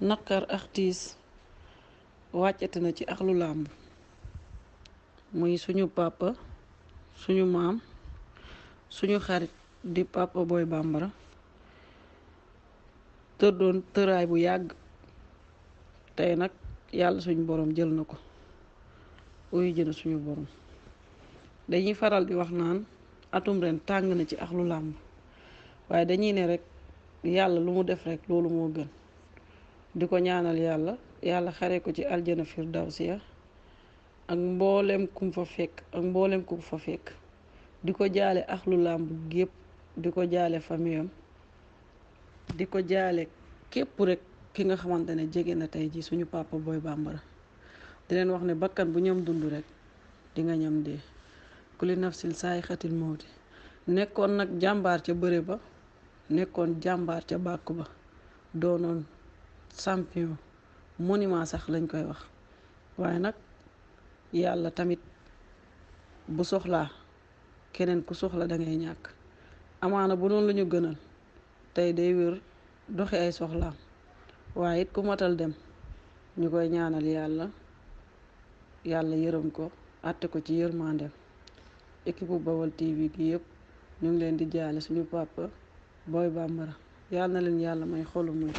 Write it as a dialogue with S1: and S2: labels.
S1: naqar ak tiis wàccati na ci axlu làmb muy suñu papa suñu maam suñu xarit di papa booy bàmbara tër doon tëraay bu yàgg tey nag yàlla suñu boroom jël na ko uyu jëna suñu borom dañuy faral di wax naan atum ren tàng na ci axlu làmb waaye dañuy ne rekk yàlla lu mu def rek loolu moo gën di ko ñaanal yàlla yàlla xare ko ci aljana firdawsiya ak mboolem kum fa fekk ak mboolem kum fa fekk di ko jaale axlu làmb gépp di ko jaale famiyam di ko jaale képp rekk ki nga xamante ne jege na tey ji suñu papa booy bàmbara di leen wax ne bakkan bu ñam dund rekk di nga ñam dee kuli nafsil saay xatil mawti nekkoon nag jàmbaar ca bëre ba nekkoon jàmbaar ca bàkku ba doonoon champion monument sax lañ koy wax waaye nag yàlla tamit bu soxlaa keneen ku soxla dangay ñàkk amaana bu doon lañu ñu gënal tey day wér doxe ay soxlaam waaye it ku matal dem ñu koy ñaanal yàlla yàlla yërëm ko àtte ko ci yërmandem équipe bu Baol TV gi yëpp ñu ngi leen di jaale suñu papa Boy Bambara yàlla na leen yàlla may xolum muñ